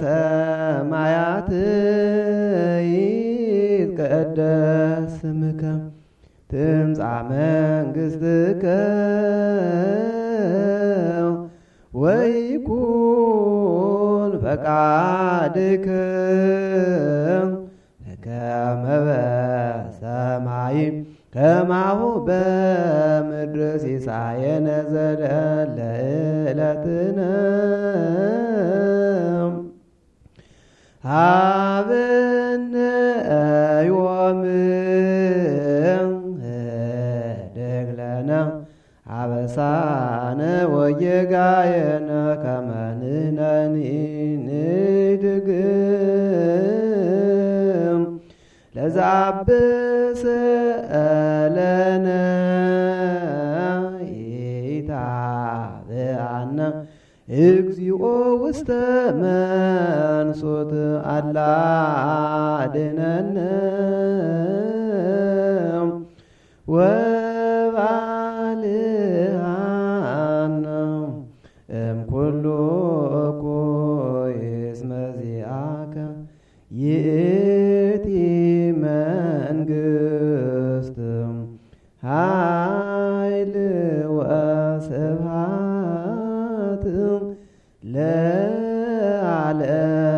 ሰማያት ይትቀደስ ስምከ ትምጻእ መንግሥትከ ወይኩን ፈቃድከ ከመ በሰማይ ከማሁ በምድር ሲሳየነ ዘለለ ዕለትነ አብንዮም ደግለነ አበሳነ ወጌጋየነ ከመንነኒ ንድግም ለዛብስለነ ይታብአነ እግዚኦ ውስተ መንሶት አላድነን ወባልሃነ እምኩሉ እኩይስ መዚአከ ይእቲ መንግስት ኃይል ወስብሃ ለዓለም